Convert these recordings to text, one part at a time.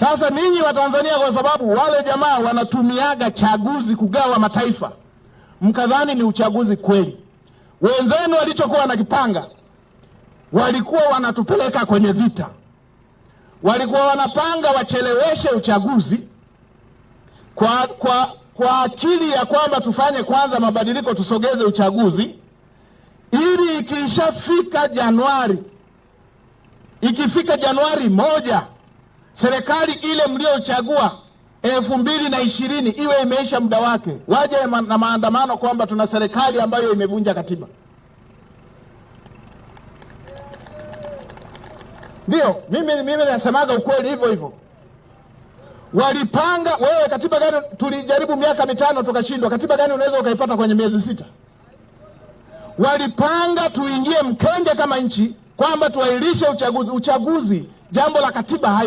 Sasa ninyi Watanzania, kwa sababu wale jamaa wanatumiaga chaguzi kugawa mataifa, mkadhani ni uchaguzi kweli. Wenzenu walichokuwa wanakipanga, walikuwa wanatupeleka kwenye vita, walikuwa wanapanga wacheleweshe uchaguzi kwa, kwa, kwa akili ya kwamba tufanye kwanza mabadiliko, tusogeze uchaguzi ili ikishafika Januari, ikifika Januari moja serikali ile mliochagua elfu mbili na ishirini iwe imeisha muda wake, waje na maandamano kwamba tuna serikali ambayo imevunja katiba. Ndio mimi, mimi nasemaga ukweli hivyo hivyo. Walipanga wewe, katiba gani? Tulijaribu miaka mitano tukashindwa. Katiba gani unaweza ukaipata kwenye miezi sita? Walipanga tuingie mkenge kama nchi kwamba tuahirishe uchaguzi. Uchaguzi jambo la katiba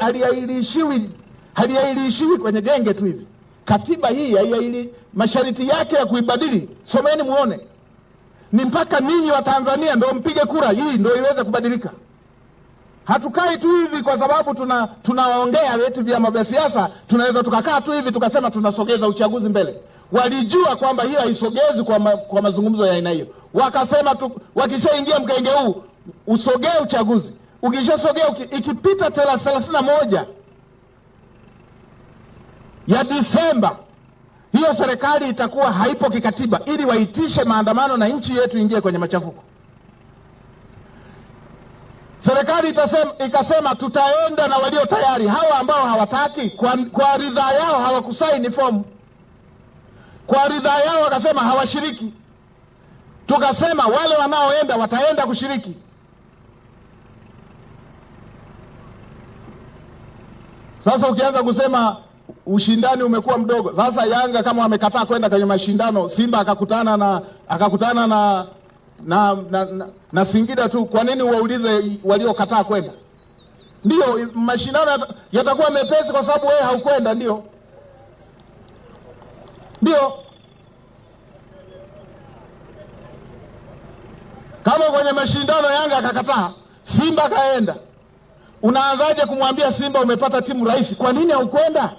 haliahirishiwi, haliahirishiwi kwenye genge tu hivi. Katiba hii haiahiri, masharti yake ya kuibadili someni muone, ni mpaka ninyi wa Tanzania ndio mpige kura hii ndio iweze kubadilika. Hatukai tu hivi kwa sababu tuna tunaongea eti vyama vya siasa, tunaweza tukakaa tu hivi tukasema tunasogeza uchaguzi mbele. Walijua kwamba hiyo haisogezi kwa, ma, kwa mazungumzo ya aina hiyo, wakasema tu, wakishaingia mkenge huu usogee uchaguzi. Ukishasogea ikipita thelathini na moja ya Disemba, hiyo serikali itakuwa haipo kikatiba, ili waitishe maandamano na nchi yetu ingie kwenye machafuko. Serikali itasema, ikasema tutaenda na walio tayari. Hawa ambao hawataki kwa, kwa ridhaa yao hawakusaini fomu, kwa ridhaa yao wakasema hawashiriki. Tukasema wale wanaoenda wataenda kushiriki. Sasa ukianza kusema ushindani umekuwa mdogo, sasa Yanga kama wamekataa kwenda kwenye mashindano, Simba akakutana na akakutana na na, na, na, na Singida tu, kwa nini uwaulize waliokataa kwenda? Ndio mashindano yatakuwa mepesi kwa sababu wewe haukwenda. Ndio, ndio kama kwenye mashindano Yanga akakataa, Simba akaenda Unaanzaje kumwambia Simba umepata timu rahisi? Kwa nini haukwenda?